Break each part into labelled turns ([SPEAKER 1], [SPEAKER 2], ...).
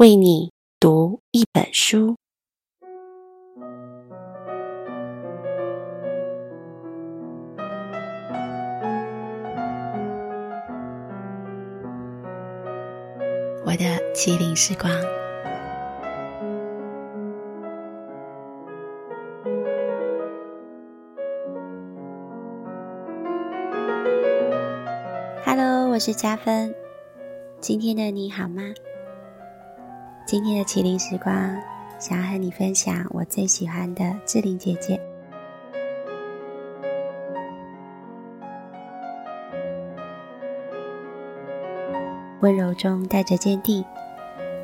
[SPEAKER 1] 為你讀一本書，《我的麒羚時光》。Hello，我是加芬，今天的你好嗎？今天的麒羚時光，想和你分享我最喜歡的志玲姐姐。溫柔中帶着堅定，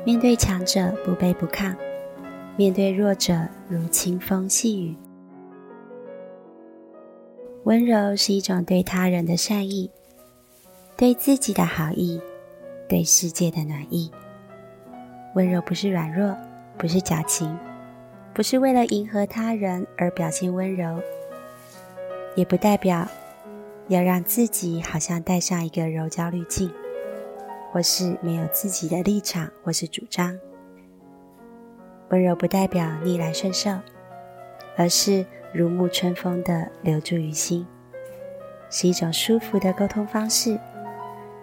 [SPEAKER 1] 面對強者不卑不亢，面對弱者如清風細雨。溫柔是一種對他人的善意，對自己的好意，對世界的暖意。溫柔不是軟弱，不是矯情，不是為了迎合他人而表現溫柔，也不代表要讓自己好像戴上一個柔焦濾鏡，或是沒有自己的立場或是主張。溫柔不代表逆來順受，而是如沐春風的留住於心，是一種舒服的溝通方式，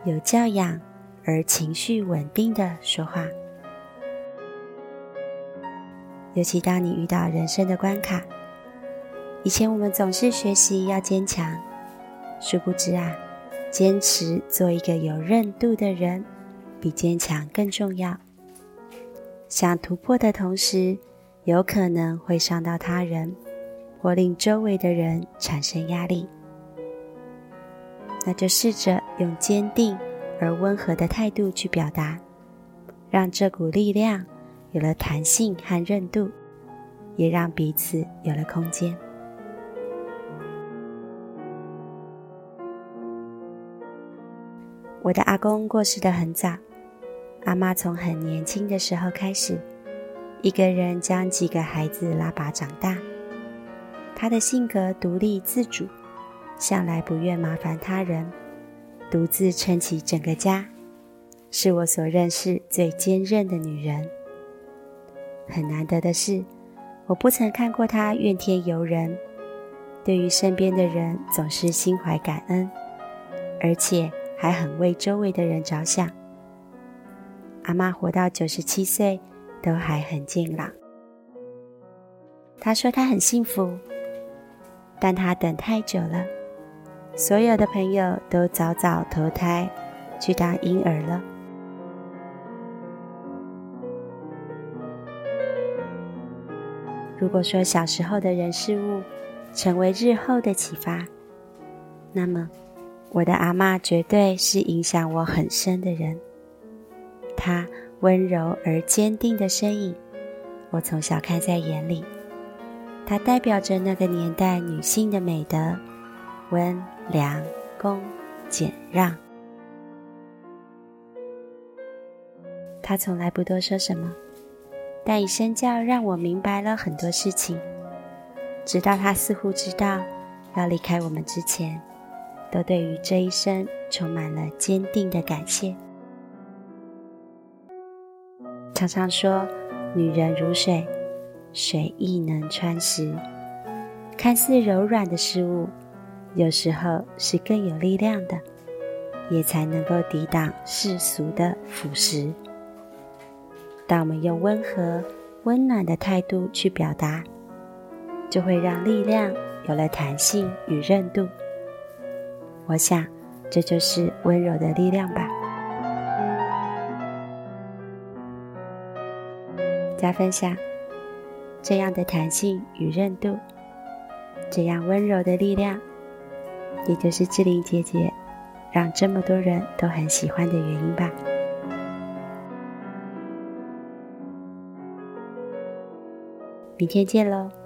[SPEAKER 1] 有教養而情緒穩定的說話。尤其當你遇到人生的關卡，以前我們總是學習要堅強，殊不知啊，堅持做一個有韌度的人，比堅強更重要。想突破的同時，有可能會傷到他人，或令周圍的人產生壓力。那就試着用堅定而溫和的態度去表達，讓這股力量，有了彈性和韌度，也讓彼此有了空間。我的阿公過世得很早，阿媽從很年輕的時候開始，一個人將幾個孩子拉拔長大。她的性格獨立自主，向來不願麻煩他人，獨自撐起整個家，是我所認識最堅韌的女人。很難得的是，我不曾看過他怨天尤人，對於身邊的人總是心懷感恩，而且還很為周圍的人着想。阿嬤活到九十七歲，都還很健朗。她說她很幸福，但她等太久了，所有的朋友都早早投胎去當嬰兒了。如果說小時候的人事物成為日後的啟發，那麼我的阿嬤絕對是影響我很深的人。她溫柔而堅定的身影，我從小看在眼裡。她代表着那個年代女性的美德：溫良、恭、儉、讓。她從來不多說什麼。但以身教讓我明白了很多事情。直到他似乎知道要離開我們之前，都對於這一生充滿了堅定的感謝。常常說，女人如水，水亦能穿石。看似柔軟的事物，有時候是更有力量的，也才能夠抵擋世俗的腐蝕。當我們用溫和、溫暖的態度去表達，就會讓力量有了彈性與韌度。我想，這就是溫柔的力量吧。加分享，這樣的彈性與韌度，這樣溫柔的力量，也就是志玲姐姐讓這麼多人都很喜歡的原因吧。明天見嘍。